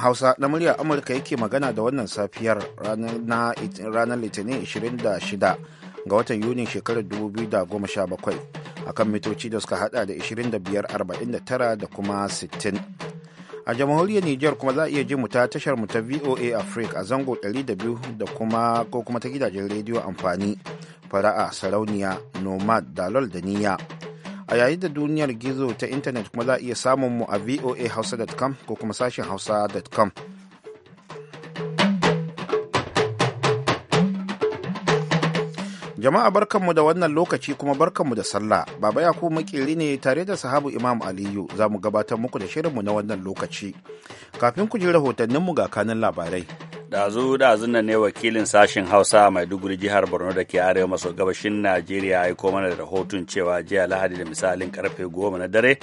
Hausa na murya Amurka yake magana da wannan safiyar ranar Litinin 26 ga watan Yuni shekarar 2017 a kan mitoci da suka hada da 2549 da kuma 60. A jamhuriyar Nijar kuma za a iya ji mu ta tashar mu ta VOA Africa a zango 200 da kuma ko kuma ta gidajen rediyo amfani fara'a sarauniya nomad dalol da niyya a yayin da duniyar gizo ta intanet kuma za a iya samun mu a voahausa.com ko kuma sashen hausa.com jama'a barkanmu da wannan lokaci kuma barkanmu da sallah baba Yakubu makeri ne tare da sahabu imam aliyu za mu gabatar muku da shirinmu na wannan lokaci kafin ku ji rahotanninmu ga kanin labarai dazu dazun nan ne wakilin sashen hausa a maiduguri jihar borno da ke arewa maso gabashin najeriya aiko mana da rahoton cewa jiya lahadi da misalin karfe goma na dare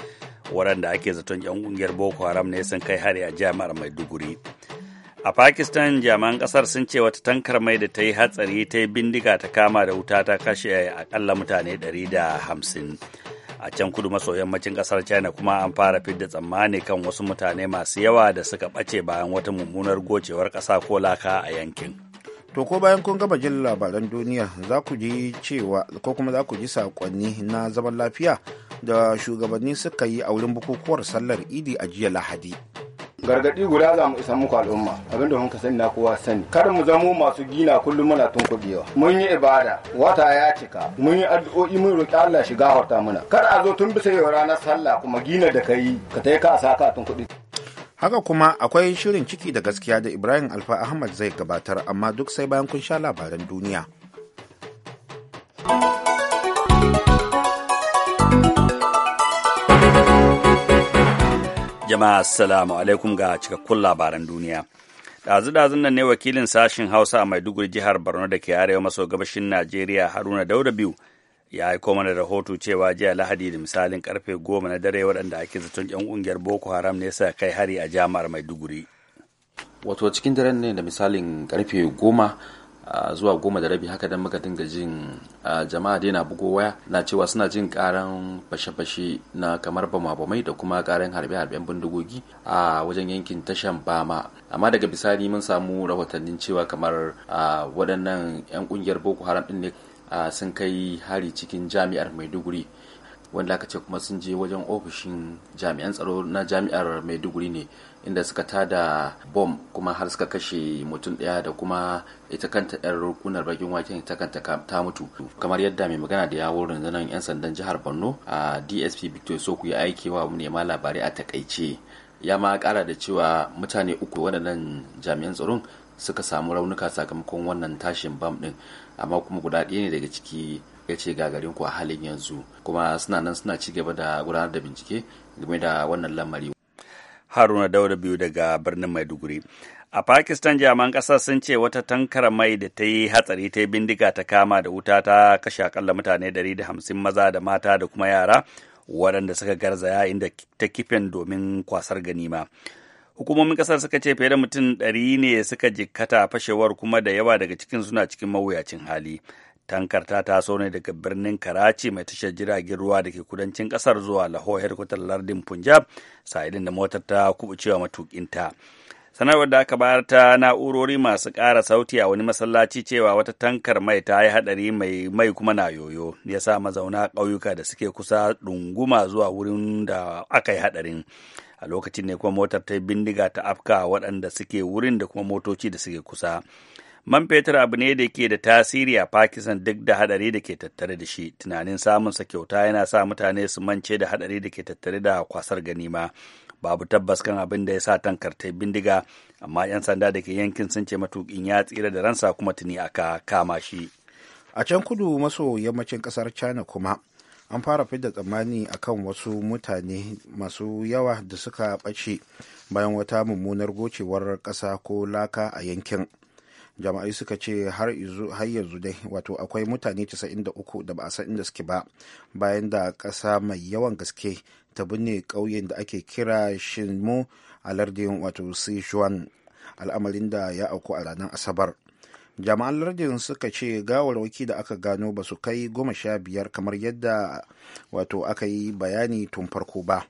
waɗanda ake zaton yan ƙungiyar boko haram ne sun kai hari a jami'ar maiduguri a pakistan jami'an ƙasar sun ce wata tankar mai da ta yi hatsari ta yi bindiga ta kama da wuta ta kashe akalla mutane 150 a can kudu maso yammacin kasar china kuma an fara fidda tsammani kan wasu mutane masu yawa da suka ɓace bayan wata mummunar gocewar ƙasa ko laka a yankin to ko bayan kun gama jin labaran duniya za ku ji cewa ko kuma za ku ji sakonni na zaman lafiya da shugabanni suka yi a wurin bukukuwar sallar idi a jiya lahadi Gargaɗi guda za mu isa muku al'umma abinda mun ka sani na kowa sani kada mu zamo masu gina kullum muna tunkuɗewa mun yi ibada wata ya cika mun yi addu'o'i mun roƙi Allah shi gafarta muna kada a zo tun bisa yau ranar sallah kuma gina da kai ka tai ka saka tunkuɗi haka kuma akwai shirin ciki da gaskiya da Ibrahim Alfa Ahmad zai gabatar amma duk sai bayan kun sha labaran duniya Jama'a assalamu alaikum ga cikakkun labaran duniya. Ɗazu-ɗazun nan ne wakilin sashen Hausa a Maiduguri jihar Borno da ke arewa maso gabashin Najeriya Haruna Dauda biyu ya aiko mana rahoto cewa jiya Lahadi da misalin karfe goma na dare waɗanda ake zaton 'yan ƙungiyar Boko Haram ne sa kai hari a jami'ar Maiduguri. Wato cikin daren ne da misalin karfe goma zuwa goma da rabi haka dan muka dinga jin jama'a dai na bugo waya na cewa suna jin karan fashe-fashe na kamar bama-bamai da kuma karan harbe-harben bindigogi a wajen yankin tashan bama amma daga bisani mun samu rahotannin cewa kamar waɗannan 'yan ƙungiyar boko haram ɗin ne sun kai hari cikin jami'ar maiduguri wanda aka ce kuma sun je wajen ofishin jami'an tsaro na jami'ar maiduguri ne inda suka tada bom kuma har suka kashe mutum ɗaya da kuma ita kanta yar rukunar bakin waken ita kanta ta mutu kamar yadda mai magana da yawon rundunar yan sandan jihar borno a dsp victor soku ya aike wa nema labarai a takaice ya ma kara da cewa mutane uku waɗannan jami'an tsaron suka samu raunuka sakamakon wannan tashin bam ɗin amma kuma guda ɗaya ne daga ciki ya ce gagarin ku a halin yanzu kuma suna nan suna ci gaba da gudanar da bincike game da wannan lamari haruna dauda biyu daga birnin maiduguri a pakistan jami'an kasar sun ce wata tankar mai da ta yi hatsari ta bindiga ta kama da wuta ta kashe akalla mutane 150 maza da mata da kuma yara waɗanda suka garzaya inda ta kifin domin kwasar ganima hukumomin ƙasar suka ce fiye da mutum ɗari ne suka jikkata fashewar kuma da yawa daga cikin suna cikin mawuyacin hali tankar ta taso ne daga birnin karachi mai tashar jiragen ruwa da ke kudancin kasar zuwa lahore headquarter lardin punjab sa'idin da motar ta kubucewa matukinta sanarwar da aka bayar ta na'urori masu ƙara sauti a wani masallaci cewa wata tankar mai ta yi haɗari mai mai kuma na yoyo ya sa mazauna ƙauyuka da suke kusa ɗunguma zuwa wurin da aka yi haɗarin a lokacin ne kuma motar ta bindiga ta afka waɗanda suke wurin da kuma motoci da suke kusa Man fetur abu ne da ke da tasiri a Pakistan duk da hadari da ke tattare da shi. Tunanin samunsa kyauta yana sa mutane su mance da hadari da ke tattare da kwasar ganima. Babu tabbas kan abin da ya sa tankartai bindiga, amma 'yan sanda da ke yankin sun ce matukin ya tsira da ransa kuma tuni aka kama shi. A can kudu maso yammacin kasar China kuma, an fara fidda tsammani akan wasu mutane masu yawa da suka ɓace bayan wata mummunar gocewar ƙasa ko laka a yankin jama'ai suka ce har yanzu dai wato akwai mutane 93 da ba a san inda suke ba bayan da ƙasa mai yawan gaske ta binne ƙauyen da ake kira shinmu a lardin wato sichuan al'amarin da ya auku a ranar asabar jama'an lardin suka ce gawarwaki da aka gano ba su kai goma sha biyar kamar yadda wato aka yi bayani tun farko ba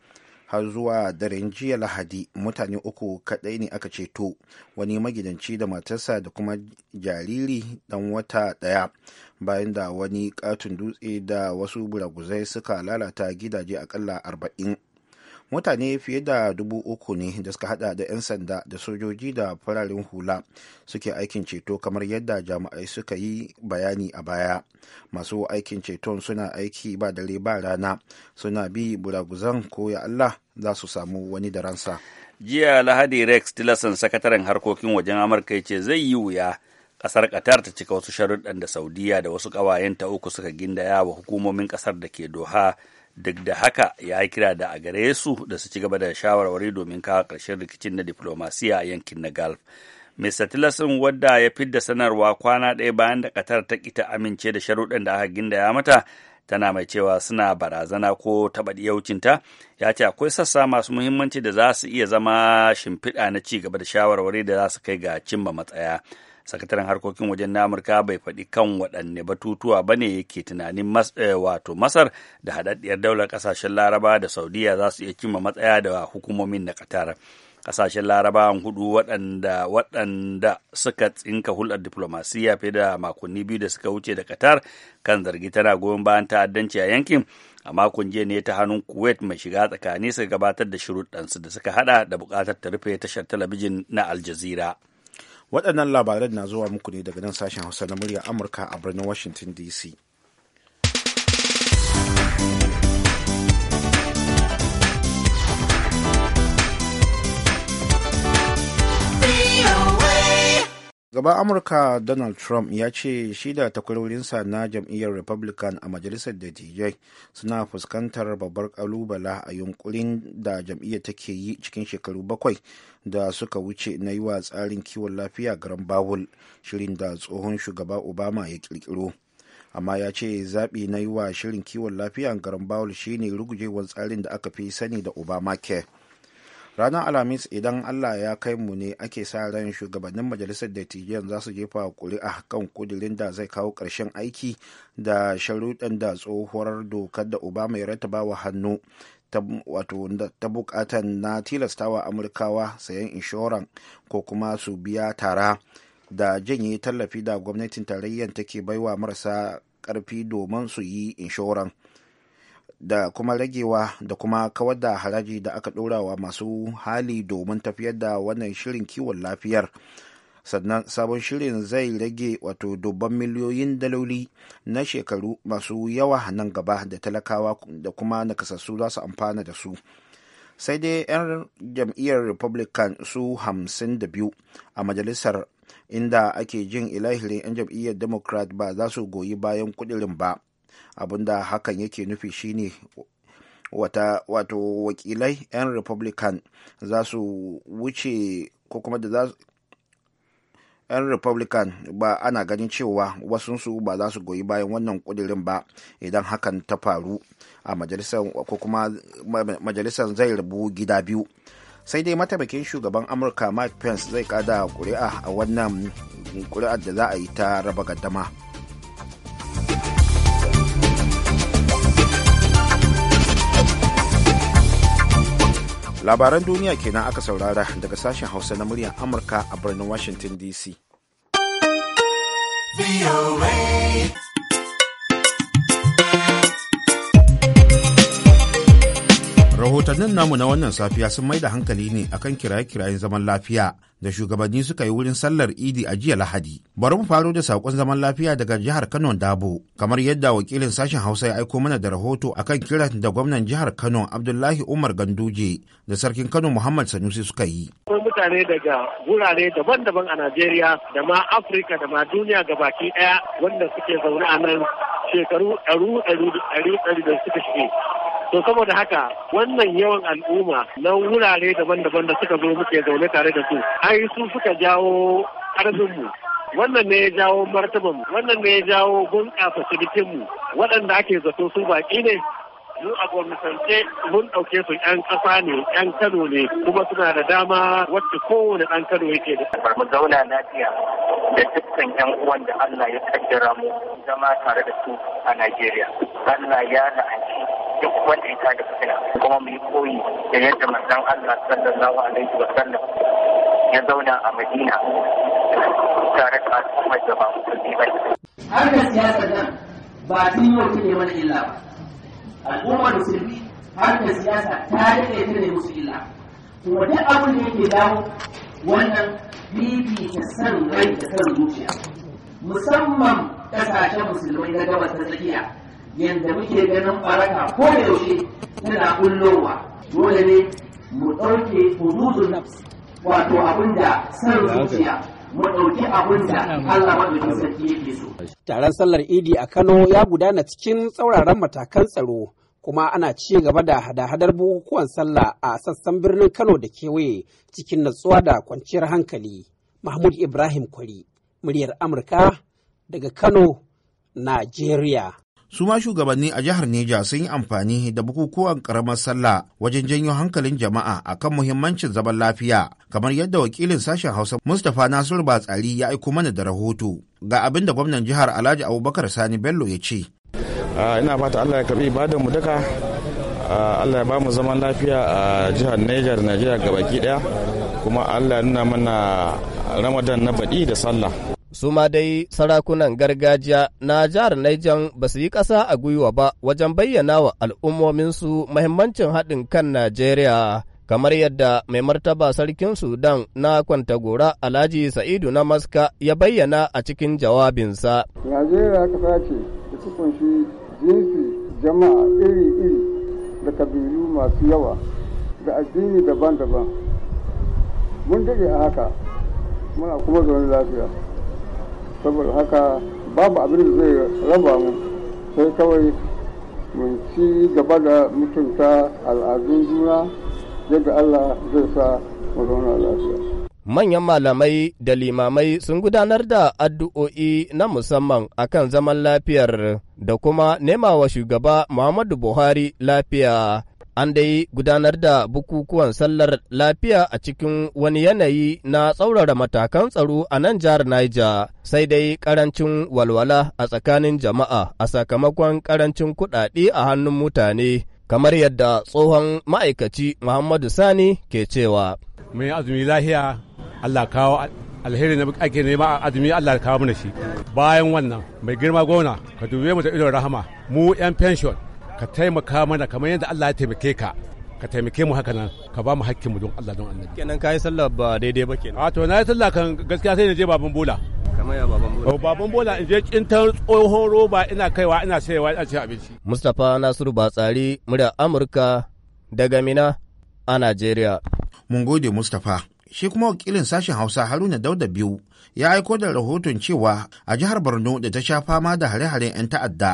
har zuwa daren jiya lahadi mutane uku kadai ne aka ceto wani magidanci da matarsa da kuma jariri dan wata daya bayan da wani katon dutse da wasu buraguzai suka lalata gidaje akalla arba'in mutane fiye da dubu uku ne da suka hada da 'yan sanda da sojoji da fararen hula suke aikin ceto kamar yadda jami'ai suka yi bayani a baya masu aikin ceton suna aiki ba dare ba rana suna bi buraguzan ko ya allah za su samu wani da ransa jiya lahadi rex tillerson sakataren harkokin wajen amurka ya ce zai yi wuya kasar Qatar ta cika wasu sharuɗan da Saudiya da wasu ƙawayenta uku suka gindaya wa hukumomin ƙasar da ke Doha duk da haka ya yi kira da a gare su da su ci gaba da shawarwari domin kawo ƙarshen rikicin na diplomasiya a yankin na gulf Mr. Tillerson wadda ya fidda sanarwa kwana ɗaya bayan da Qatar ta ƙi amince da sharuɗan da aka gindaya mata tana mai cewa suna barazana ko taɓa ɗiyaucinta ya ce akwai sassa masu muhimmanci da za su iya zama shimfiɗa na ci gaba da shawarwari da za su kai ga cimma matsaya. sakataren harkokin wajen na amurka bai faɗi kan waɗanne batutuwa ba ne yake tunanin eh, wato masar da haɗaɗɗiyar daular ƙasashen laraba da saudiya za su iya cimma matsaya da hukumomin na qatar Ƙasashen larabawan hudu waɗanda waɗanda suka tsinka hulɗar diplomasiya fiye da makonni biyu da suka wuce da qatar kan zargi tana goyon bayan ta'addanci a yankin a makon jiya ne ta hannun kuwait mai shiga tsakani suka gabatar da shiruɗansu da suka hada da buƙatar ta rufe tashar talabijin na Aljazeera. waɗannan labaran na zuwa muku ne daga nan sashen hausa na murya amurka a birnin washington dc gaban amurka donald trump ya ce shi da takwarorinsa na jam'iyyar republican a majalisar dattijai suna fuskantar babbar kalubala a yunkurin da jam'iyyar take yi cikin shekaru bakwai da suka wuce na yi wa tsarin kiwon lafiya garan bawul shirin da tsohon shugaba obama ya kirkiro amma ya ce zaɓi na yi wa shirin kiwon lafiya garan bawul shine rugujewar tsarin da aka fi sani da obamacare ranar alhamis idan allah ya kai mu ne ake sa ran shugabannin majalisar dattijan za su jefa kuri'a kan kudirin da zai kawo ƙarshen aiki da sharuɗan da tsohuwar dokar da obama ya rataba wa hannu ta bukatan na tilastawa amurkawa sayan inshoran ko kuma su biya tara da janye tallafi da gwamnatin tarayyar take baiwa marasa ƙarfi domin su yi inshoran da kuma ragewa da kuma kawar da haraji da aka ɗora wa masu hali domin tafiyar da wannan shirin kiwon lafiyar sannan sabon shirin zai rage wato dubban miliyoyin daloli na shekaru masu yawa nan gaba da talakawa da kuma nakasassu za su amfana da su sai dai 'yan jam'iyyar republican su hamsin da biyu a majalisar inda ake jin ilahirin 'yan jam'iyyar democrat ba za su goyi bayan kudirin ba da hakan yake nufi shine wata wato wakilai 'yan republican za su wuce ko kuma da za 'yan republican ba ana ganin cewa wasunsu ba za su goyi bayan wannan kudirin ba idan hakan ta faru a majalisar ko kuma majalisar zai rabu gida biyu sai dai mataimakin shugaban amurka mike pence zai kada kuri'a a wannan kuri'ar da za a yi ta raba gaddama. labaran duniya kenan aka saurara daga sashen hausa na muryar amurka a birnin washington dc rahotannin namu na wannan safiya sun mai da hankali ne akan kiraye-kirayen zaman lafiya da shugabanni suka yi wurin sallar idi a jiya lahadi bari mu faro da sakon zaman lafiya daga jihar kano dabo kamar yadda wakilin sashen hausa ya aiko mana da rahoto akan kiran da gwamnan jihar kano abdullahi umar ganduje da sarkin kano muhammad sanusi suka yi akwai mutane daga wurare daban-daban a najeriya da ma afirka da ma duniya ga baki ɗaya wanda suke zaune a nan shekaru ɗaru da suka shige to saboda haka wannan yawan al'umma na wurare daban-daban da suka zo muke zaune tare da su ai su suka jawo arzikinmu, wannan ne ya jawo martabanmu wannan ne ya jawo bunƙasa cikinmu waɗanda ake zato su baƙi ne mu a gwamnatance mun ɗauke su ƴan ƙasa ne ƴan kano ne kuma suna da dama wacce kowane ɗan kano yake da mu zauna lafiya da dukkan 'yan uwan da Allah ya kaddara mu zama tare da su a Najeriya Allah ya la'anci duk wanda ya da fitina kuma mu yi koyi da yadda manzon Allah sallallahu alaihi wa sallam ya zauna a Madina tare da al'ummar da ba musulmi ba harkar siyasa nan ba tun yau ne mana illa ba al'ummar musulmi harkar siyasa ta rike ta ne musu illa kuma duk abin da yake dawo wannan bibita san rai da san zuciya musamman kasashen musulmai na gabas ta tsakiya yadda muke ganin baraka ko da yaushe tana kullowa dole ne mu ɗauke hududun wato abin da san zuciya mu ɗauki abin da Allah maɗaukin sarki yake so. Taron sallar Idi a Kano ya gudana cikin tsauraran matakan tsaro kuma ana ci gaba da hada-hadar bukukuwan sallah a sassan birnin Kano da kewaye cikin natsuwa da kwanciyar hankali. Mahmud Ibrahim Kwari, muryar Amurka daga Kano, Najeriya. su ma shugabanni a jihar Neja sun yi amfani da bukukuwan karamar sallah wajen janyo hankalin jama'a akan muhimmancin zaman lafiya kamar yadda wakilin sashen Hausa Mustapha Nasiru Batsari ya aiko mana da rahoto ga abin da gwamnan jihar Alhaji Abubakar Sani Bello ya ce. ina fata Allah ya karbi ibadan mu duka Allah ya ba mu zaman lafiya a jihar Niger Najeriya gabaki daya kuma Allah ya nuna mana Ramadan na baɗi da sallah su ma dai sarakunan gargajiya na jihar Niger ba su yi ƙasa a gwiwa ba wajen bayyana wa al'ummominsu mahimmancin haɗin kan Najeriya. Kamar yadda mai martaba sarkin Sudan na gora Alhaji Sa'idu na Maska ya bayyana a cikin jawabinsa. Najeriya ƙasa ce da ta kunshi jinsi jama'a iri-iri da kabilu masu yawa da addini daban-daban. Mun daɗe a haka, muna kuma zaune lafiya. saboda haka babu abin da zai raba mu sai kawai mun ci gaba da mutunta al'adun juna yadda Allah zai sa mu zauna lafiya. manyan malamai da limamai sun gudanar da addu'o'i na musamman akan zaman lafiyar da kuma nema wa shugaba Muhammadu Buhari lafiya An dai gudanar da bukukuwan sallar lafiya a cikin wani yanayi na tsaurara matakan tsaro a nan jihar Niger, sai dai karancin walwala a tsakanin jama'a a sakamakon karancin kuɗaɗe a hannun mutane, kamar yadda tsohon ma'aikaci Muhammadu Sani ke cewa. Mai azumi lahiya Allah kawo alheri na ake nema azumi Allah ya kawo mana shi. Bayan wannan mai girma gona ka dube mu da idon rahama mu 'yan pension ka taimaka mana kamar yadda Allah ya taimake ka ka taimake mu haka nan ka ba mu hakkin mu don Allah don annabi kenan kai sallah ba daidai ba kenan a to na yi sallah kan gaskiya sai na je baban bola kamar ya baban bola oh, baban bola in je kin ta tsohon roba ina kaiwa ina sayewa ina ci abinci Mustapha Nasiru Batsari murya Amurka daga Mina a Najeriya mun gode Mustapha shi kuma wakilin sashen hausa haruna dauda biyu ya aiko da rahoton cewa a jihar borno da ta sha fama da hare-haren 'yan ta'adda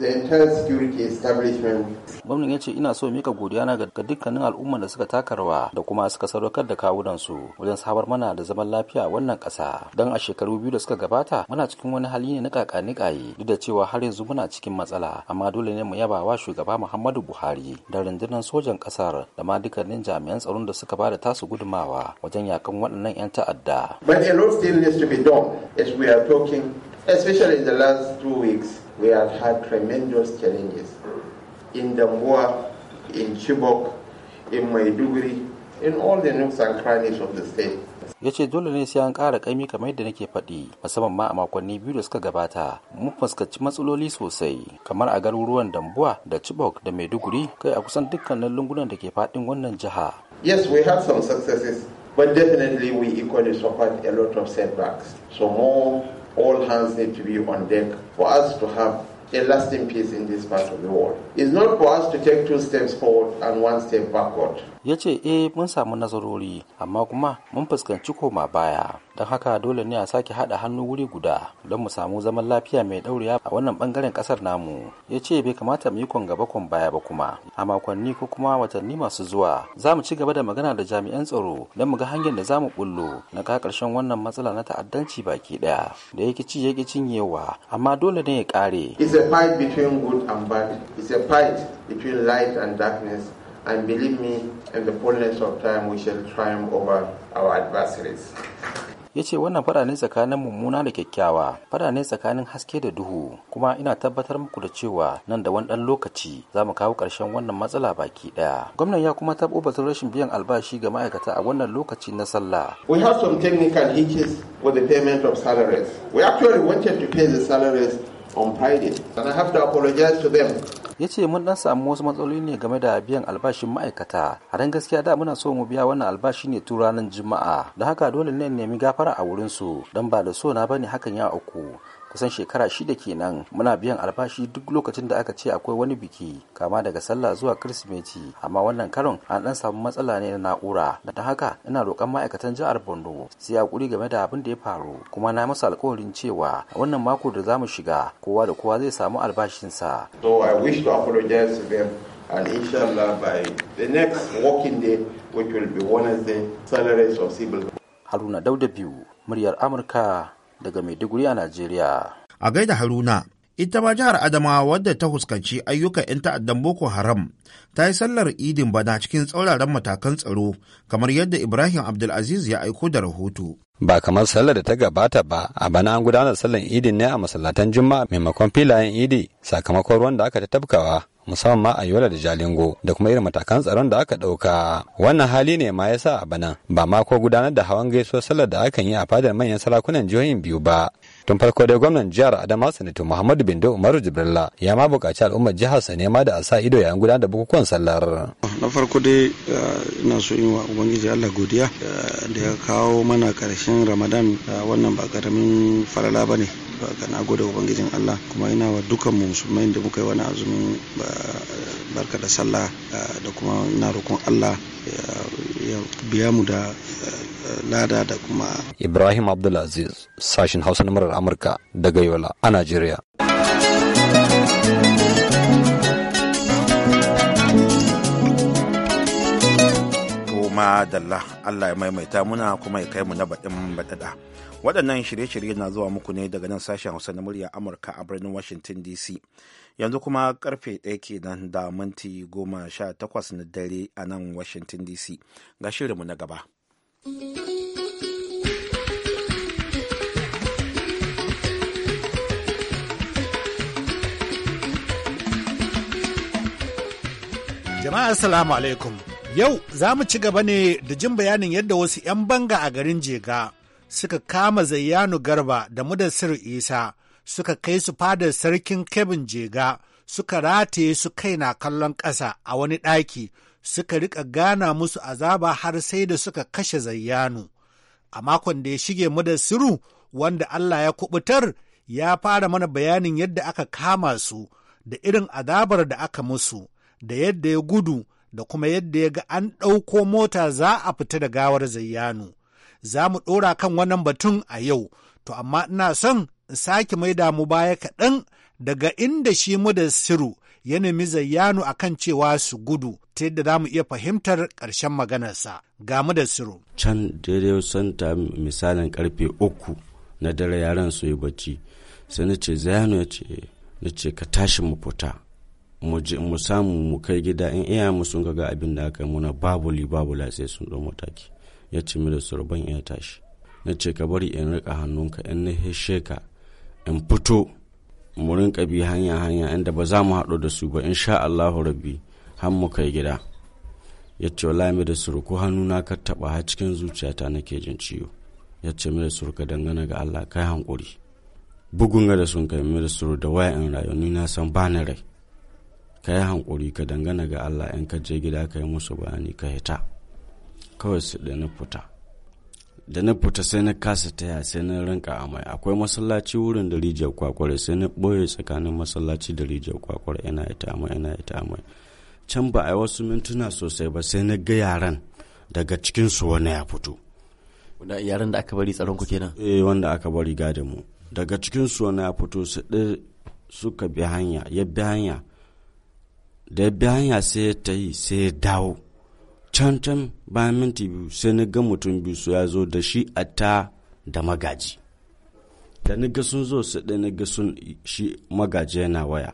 the entire security establishment. Gwamnan ya ce ina so mika godiya na ga dukkanin al'umma da suka taka rawa da kuma suka sadaukar da kawunan su, wajen sabar mana da zaman lafiya wannan ƙasa. Don a shekaru biyu da suka gabata muna cikin wani hali ne na kakanikaye duk da cewa har yanzu muna cikin matsala amma dole ne mu yaba wa shugaba Muhammadu Buhari da rundunar sojan ƙasar da ma dukkanin jami'an tsaron da suka bada tasu gudumawa wajen yakan waɗannan 'yan ta'adda. But a lot still needs to be done as we are talking especially in the last two weeks. we have had tremendous challenges in Damboa, in Chibok, in Maiduguri, in all the nooks and crannies of the state. ya ce dole ne sai an kara ƙaimi kamar yadda nake faɗi musamman ma a makonni biyu da suka gabata mun fuskanci matsaloli sosai kamar a garuruwan dambuwa da chibok da maiduguri kai a kusan dukkanin lungunan da ke faɗin wannan jiha yes we had some successes but definitely we equally suffered a lot of setbacks so more all hands need to be on deck for us to have a lasting peace in this part of the world. It's not for us to take two steps forward and one step backward. ya ce eh mun samu nazarori amma kuma mun fuskanci koma baya don haka dole ne a sake haɗa hannu wuri guda don mu samu zaman lafiya mai ɗauriya a wannan ɓangaren ƙasar namu ya ce bai kamata mu yi kwan gaba baya ba kuma a makonni ko kuma watanni masu zuwa za mu ci gaba da magana da jami'an tsaro don mu ga hanyar da za mu bullo na ka ƙarshen wannan matsala na ta'addanci baki ɗaya da ya ci ya cinyewa amma dole ne ya ƙare. Is a fight between good and bad. It's a fight between light and darkness. And believe me, in the fullness of time we shall triumph over our adversaries. ya ce wannan fada ne tsakanin mummuna da kyakkyawa fada ne tsakanin haske da duhu kuma ina tabbatar muku da cewa nan da wani dan lokaci za mu kawo karshen wannan matsala baki daya. gwamnan ya kuma taɓo batun rashin biyan albashi ga ma'aikata a wannan lokaci na sallah we have some technical hitches with the payment of salaries we actually wanted to pay the salaries on Friday. And I have to apologize to them. ya ce mun dan samu wasu matsaloli ne game da biyan albashin ma'aikata a ran gaskiya da muna so mu biya wannan albashi ne tun ranar juma'a da haka dole ne nemi gafara a wurin su don ba da so na bane hakan ya uku kusan shekara shida kenan muna biyan albashi duk lokacin da aka ce akwai wani biki kama daga sallah zuwa kirsimeti amma wannan karon an dan samu matsala ne na na'ura da ta haka ina roƙon ma'aikatan jihar Borno su hakuri game da abin da ya faru kuma na masa alƙawarin cewa wannan mako da zamu shiga kowa da kowa zai samu albashinsa. So I wish to apologize to them and inshallah by the next working day which will be the salaries of civil. Haruna Dauda biyu muryar Amurka daga Maiduguri a Najeriya. A gaida Haruna, ita ma jihar adama wadda ta fuskanci ayyukan 'yan ta'addan Boko Haram ta yi sallar idin bana cikin tsauraran matakan tsaro kamar yadda Ibrahim Abdulaziz ya aiko da rahoto. Ba kamar sallar da ta gabata ba, a bana an gudanar sallar idin ne a masallatan Juma'a maimakon filayen idi sakamakon ruwan da aka ta tabkawa. musamman ma a yola da jalingo da kuma irin matakan tsaron da aka ɗauka wannan hali ne ma yasa a bana ba ma ko gudanar da hawan gaisuwar sallar da akan yi a fadar manyan sarakunan jihohin biyu ba tun farko dai gwamnan jihar adama sanato muhammadu bindo umaru jibrilla ya ma buƙaci al'ummar jihar sa ma da a sa ido yayin gudanar da bukukuwan sallar na farko dai eh, ina so in wa ubangiji allah godiya eh, da ya kawo mana ƙarshen ramadan eh, wannan ba ƙaramin farala ba ne ga na gode ubangijin Allah kuma ina wa dukkan mu musulmai da muka yi wani azumin barka da sallah da kuma ina roƙon Allah ya biya mu da lada da kuma Ibrahim Abdulaziz sashin Hausa na murar Amurka daga Yola a Najeriya. Kuma dalla Allah ya maimaita muna kuma ya kai mu na baɗin baɗaɗa. waɗannan shirye-shirye na zuwa muku ne daga nan sashen hausa na murya amurka a birnin washington dc yanzu kuma karfe ɗaya kenan da minti goma sha takwas na dare a nan washington dc ga shirinmu na gaba jama'a assalamu alaikum yau za mu ci gaba ne da jin bayanin yadda wasu 'yan banga a garin jega suka kama Zayyanu Garba da Mudassir Isa suka kai su fadar sarkin Kebin Jega suka rataye su kai na kallon ƙasa a wani ɗaki suka riƙa gana musu azaba har sai da suka kashe Zayyanu. A makon da ya shige Mudassiru wanda Allah ya kubutar ya fara mana bayanin yadda aka kama su da irin azabar da aka musu da yadda ya gudu da kuma yadda ya ga an ɗauko mota za a fita da gawar Zayyanu. za mu ɗora kan wannan batun a yau, to amma ina son in sake mai damu baya kaɗan daga inda shi mu da siru ya nemi zayyanu a kan cewa su gudu ta yadda za mu iya fahimtar ƙarshen maganarsa ga mu da siru. Can daidai ta misalin karfe uku na dare yaran su yi bacci sai na ce zayyano ya ce na ce ka tashi mu fita mu samu mu kai gida in iya mu sun ga abin da aka muna babu babula sai sun ɗau mataki. ya ci da surban ya tashi na ce ka bari in rika hannunka in na heshe ka in fito mu rinka bi hanya hanya inda ba za mu haɗu da su ba in sha Allahu rabbi har mu kai gida ya ce wala mai da hannu hannuna ka taɓa har cikin zuciyata nake jin ciwo ya ce mai da ka dangana ga Allah kai hankuri bugun ga da sun kai mai da suru da waya in rayu ni na san ba ni rai ka yi hankuri ka dangana ga Allah in ka je gida ka yi musu bayani ka hita. kawai su da na fita da na fita sai na kasa taya sai na rinka amai akwai masallaci wurin da rijiyar kwakwar sai na ɓoye tsakanin masallaci da rijiyar kwakwar ina ita amai ina ita amai can ba a yi wasu mintuna sosai ba sai na ga yaran daga cikinsu wani ya fito wanda yaran da aka bari tsaron ku kenan eh wanda aka bari gadin mu daga cikinsu wani ya fito su suka bi hanya ya bi hanya da ya bi hanya sai ya tayi sai ya dawo can bayan minti biyu sai na ga mutum biyu su ya zo da shi a ta da magaji da na ga sun zo su da na ga sun shi magaji yana waya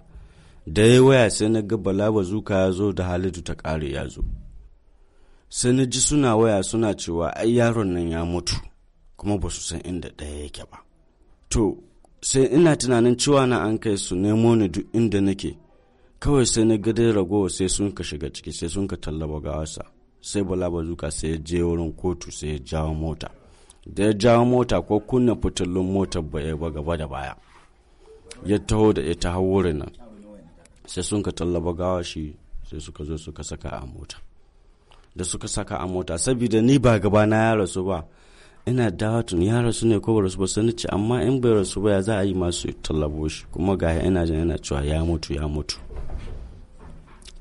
da ya waya sai na ga bala bazuka ya zo da halidu ta ƙare ya zo sai na ji suna waya suna cewa ai yaron nan ya mutu kuma ba su san inda ɗaya yake ba to sai ina tunanin cewa na an kai su nemo ni duk inda nake kawai sai na ga dai ragowa sai sun ka shiga ciki sai sun ka tallaba gawarsa sai bala bazuka sai ya je wurin kotu sai ya jawo mota da ya jawo mota ko kunna fitilun mota ba ba gaba da baya ya taho da ita hau wurin nan sai sun ka tallaba gawa shi sai suka zo suka saka a mota da suka saka a mota saboda ni ba gaba na ya rasu ba ina dawa ya rasu ne ko ba rasu ba sani ce amma in bai rasu ba ya za a yi masu tallabo shi kuma ga ina jin yana cewa ya mutu ya mutu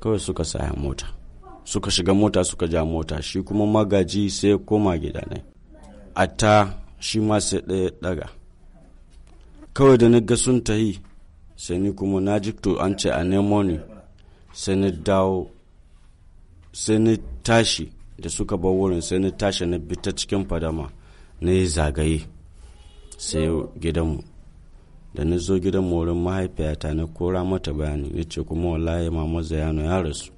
kawai suka sa ya mota suka shiga mota suka ja mota shi kuma magaji sai koma gida ne ta shi ma sai ɗaya ɗaga kawai da na ga sun tahi sai ni kuma na ji to an ce a nemo ni sai ni dawo sai ni tashi da suka bar wurin sai ni tashi na bi ta cikin fadama na yi zagaye sai gidanmu da na zo gidan wurin mahaifiyata na kora mata bayani ya ce kuma wallahi mama zayano ya rasu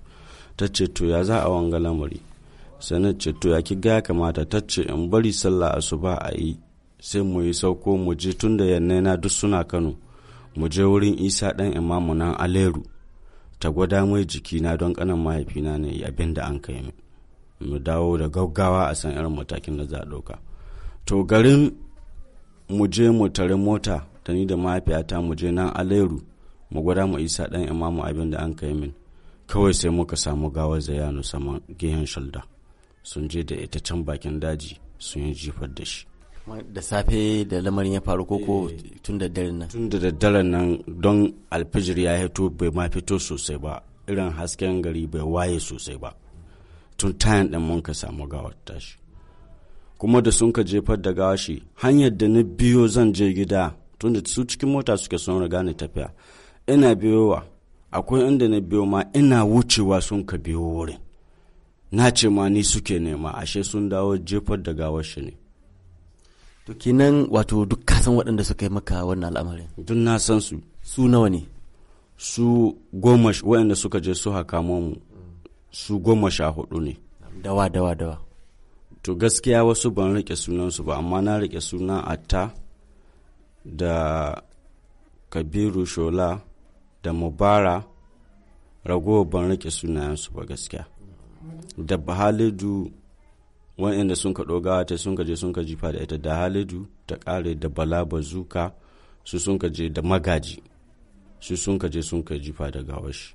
ta ce to ya za a wanga lamari sai na ce to ya ki ga ya kamata ta ce in bari sallah asuba a yi sai mu yi sauko mu je tun da na duk suna kano mu je wurin isa dan imamu nan aleru ta gwada mai jikina don kanan mahaifina ne abin da an kai mu dawo da gaggawa a san irin matakin da za a ɗauka to garin mu je mu tare mota ta ni da mahaifiyata mu je nan aleru mu gwada mu isa dan imamu abin da an kai min kawai sai muka samu gawar zayano sama gehen shalda sun je da ita can bakin daji sun yi jifar da shi da safe da lamarin ya faru koko eh, tun da daren nan tun da daddaren nan don alfijir ya hito bai ma fito sosai ba irin hasken gari bai waye sosai ba tun tayan din mun ka samu gawar tashi kuma da sun ka jefar da gawashi hanyar da na biyo zan je gida tun da su cikin mota suke son riga ni tafiya ina biyowa akwai inda na biyo ma ina wucewa sun ka biyo wurin na ce ma ni suke nema ashe sun dawo jefar da gawar shi ne to nan wato duk ka waɗanda suka yi maka wannan al'amarin duk na san su su nawa ne su goma waɗanda suka je su haka mu su goma sha hudu ne dawa dawa dawa to gaskiya wasu ban rike sunansu ba amma na rike suna atta da kabiru shola da mubara ragowar ban rike sunayensu ba gaskiya da halidu waɗanda sun ka ɗoga ta sun ka je sun ka jifa da ita da halidu ta kare da bala bazuka su sun ka je da magaji su sun ka je sun ka jifa da gawashi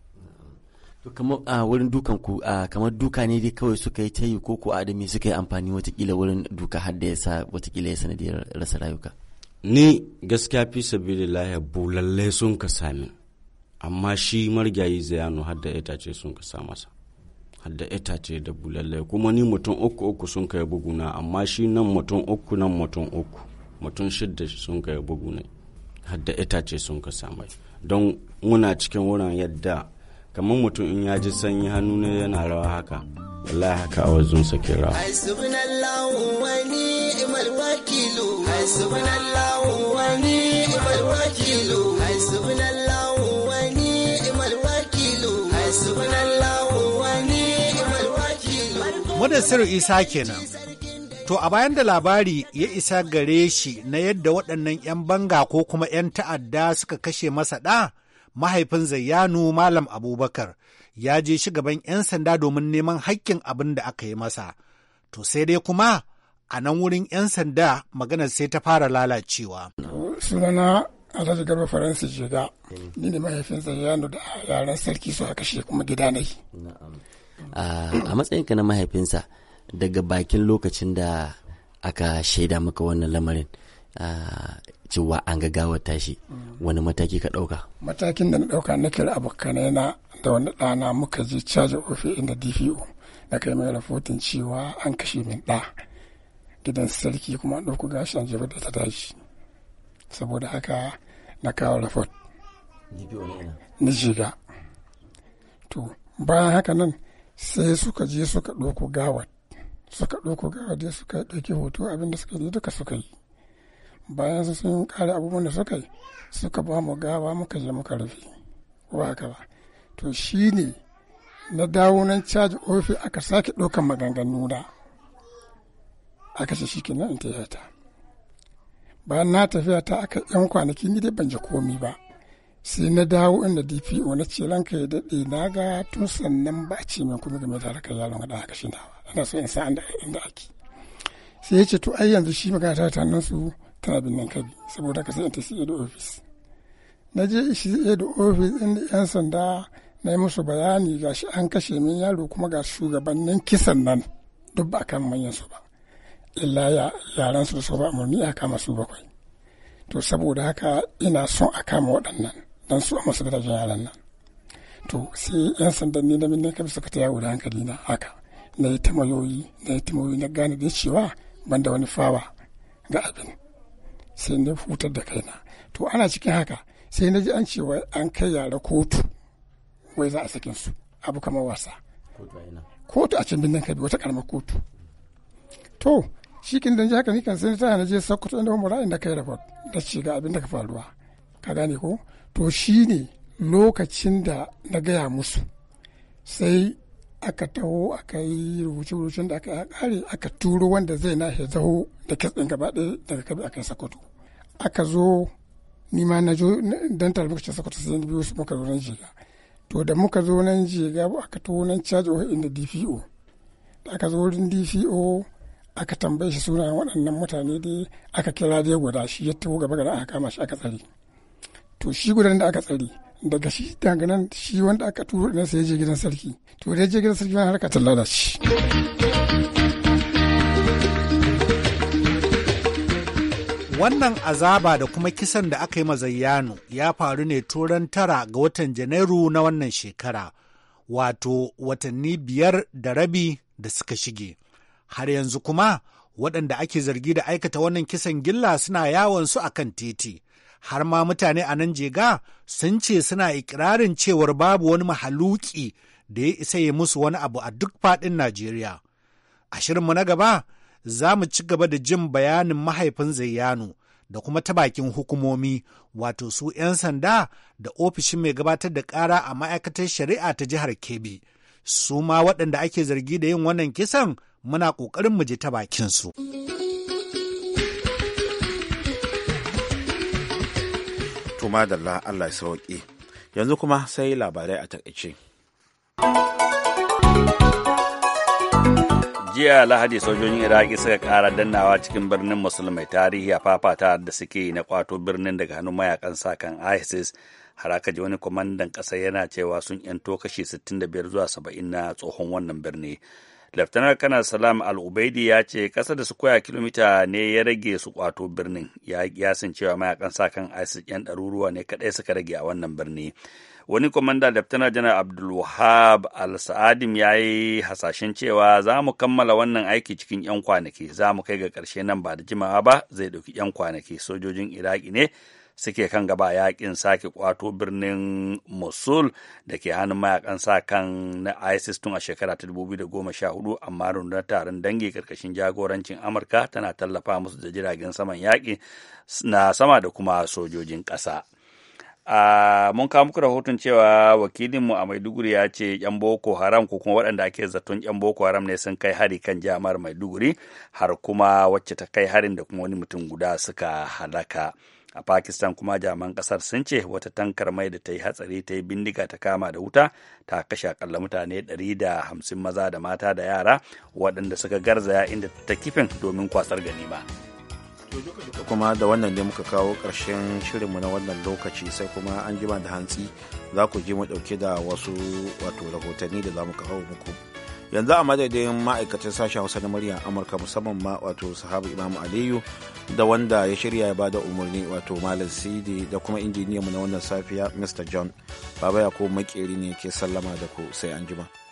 to kamar a wurin dukan ku kamar duka ne dai kawai suka yi tayi ko ko adami suka yi amfani watakila wurin duka har da sa watakila ya sanadiyar rasa rayuka ni gaskiya fi sabilillahi bulalle sun ka sami amma shi margayi zayano hadda ita itace sun ka sa masa hadda ita itace da bulalle kuma ni mutum uku uku sun kai buguna amma shi nan mutum uku nan mutum uku mutum shidda sun kai buguna hadda ita itace sun ka sa mai don muna cikin wurin yadda kamar mutum in ya ji sanyi hannu ne yana rawa haka wallahi haka a awazunsa ke rawa hasbunallahu wa ni'mal wakilu sirri Isa kenan. To a bayan da labari ya isa gare shi na yadda waɗannan 'yan banga ko kuma 'yan ta'adda suka kashe masa ɗa, mahaifin Zayyanu Malam Abubakar ya je shi gaban 'yan sanda domin neman haƙƙin abin da aka yi masa. To sai dai kuma a nan wurin 'yan sanda maganar sai ta fara lalacewa. Sunana ni ne mahaifin zayyano da yaren sarki su kashe kuma gida a matsayinka na mahaifinsa daga bakin lokacin da aka shaida maka wannan lamarin cewa an gagawar tashi wani mataki ka ɗauka? matakin da na ɗauka na kira abokanai na da wani ɗana muka je caji ofi inda dpo na kai mai rahoton cewa an kashe min ɗa gidan sarki kuma an gasan gashi an jefa da ta tashi saboda haka na kawo rahoton na shiga to bayan haka nan sai suka je suka ɗauko gawar suka ɗauko gawar dai suka ɗauki hoto abin da suka yi duka suka yi bayan sun kare abubuwan da suka yi suka ba mu gawa muka je muka rufe ko haka ba to shi ne na dawo nan caji ofi aka sake ɗaukan maganganu na aka ce shikenan in ta bayan na tafiya ta aka yan kwanaki ni dai ban ji komi ba sai na dawo inda dpo na ce ranka ya daɗe na ga tun sannan ba ce min kuma game da harkar yaron ga a shi nawa ana so in sa inda ake sai ya ce to ai yanzu shi magana ta tannan su tana binnan kabi saboda ka sai in tafi da office na je shi da office inda yan sanda na yi musu bayani ga shi an kashe min yaro kuma ga shugabannin kisan nan duk ba kan manyan su ba illa yaran su da su ba amurni ya kama su bakwai to saboda haka ina son a kama waɗannan don su a masu gidajen yaran nan to sai yan sandan ne na kabi suka ta yawo da hankali na haka na yi tamayoyi na yi tamayoyi na gane da cewa ban da wani fawa ga abin sai na hutar da kaina to ana cikin haka sai na ji an cewa an kai yara kotu wai za a sakin su abu kamar wasa kotu a can birnin kabi wata karamar kotu to shi kin dan ji haka ni kan sai ta na je sokoto inda mu ra'ayin da kai report da ci ga abin da ka faruwa ka gane ko to shi ne lokacin da na gaya musu sai aka taho aka yi rubuce-rubucen da aka yi kare aka turo wanda zai na ya zaho da kitsin gaba ɗaya daga kabi aka sakoto aka zo ni ma na jo dan tare muka ce sakoto sai ni biyu su muka zo nan jiga to da muka zo nan jiga aka taho nan caji wa inda dpo da aka zo wurin dpo aka tambaye shi suna waɗannan mutane dai aka kira dai guda shi ya taho gaba gaba aka kama shi aka tsare to shi gudanar da aka tsari, daga shi dangane shi wanda aka turo ɗin sai je gidan sarki to da je gidan sarki wani harka tallada lalace. Wannan azaba da kuma kisan da aka yi mazayyano ya faru ne turan tara ga watan Janairu na wannan shekara, wato watanni biyar da rabi da suka shige. Har yanzu kuma waɗanda ake zargi da aikata wannan kisan gilla suna yawon su kan titi. har ma mutane a nan jega sun ce suna ikirarin cewar babu wani mahaluki da ya isa ya musu wani abu a duk faɗin Najeriya. A shirinmu na gaba za mu ci gaba da jin bayanin mahaifin Zayyano da kuma ta bakin hukumomi wato su 'yan sanda da ofishin mai gabatar da ƙara a ma'aikatar shari'a ta jihar Kebbi. Su ma waɗanda ake zargi da yin wannan kisan muna ƙoƙarin mu je ta bakinsu. su. To madalla Allah ya sauƙi. Yanzu kuma sai labarai a takaice. jiya lahadi sojojin iraki suka ƙara dannawa cikin birnin musulmai tarihi a fafata da suke na kwato birnin daga hannun mayakan sakan isis har aka ji wani kwamandan ƙasa yana cewa sun yanto kashi 65 zuwa 70 na tsohon wannan birni Laftanar Kana Salam Al-Ubaidi ya ce kasar da su koya kilomita ne ya rage su kwato birnin, ya yasin cewa mayakan sa kan ISIS 'yan ɗaruruwa ne kaɗai suka rage a wannan birni. Wani kwamanda Laftanar Janar Abdulwahab Al-Sa'adim ya yi hasashen cewa za mu kammala wannan aiki cikin 'yan kwanaki, za mu kai ga ƙarshe nan ba da jimawa ba zai ɗauki 'yan kwanaki sojojin Iraki ne suke kan gaba yakin sake kwato birnin mosul da ke hannun mayakan sa kan na isis tun a shekara ta 2014 amma rundunar taron dangi karkashin jagorancin amurka tana tallafa musu da jiragen saman yaƙi na sama da kuma sojojin ƙasa. Uh, mun kawo muku rahoton cewa wakilinmu a maiduguri ya ce yan boko haram ko kuma waɗanda ake zaton yan boko haram ne sun kai hari kan jami'ar maiduguri har kuma wacce ta kai harin da kuma wani mutum guda suka halaka a pakistan kuma jaman kasar sun ce wata tankar mai da ta yi hatsari ta yi bindiga ta kama da wuta ta kashe akalla mutane 150 maza da mata da yara waɗanda suka garzaya inda ta kifin domin kwasar ganima kuma da wannan ne muka kawo ƙarshen shirinmu na wannan lokaci sai kuma an jima da hantsi za ku ji mu ɗauke da wasu wato rahotanni da za mu kawo muku. yanzu a madadin ma'aikatan sashen hausa na murya amurka musamman ma wato sahabu imamu aliyu da wanda ya shirya ya bada umarni wato malam sidi da kuma injiniyanmu na wannan safiya mr john baba ya ko makeri ne ke sallama da ku sai anjima.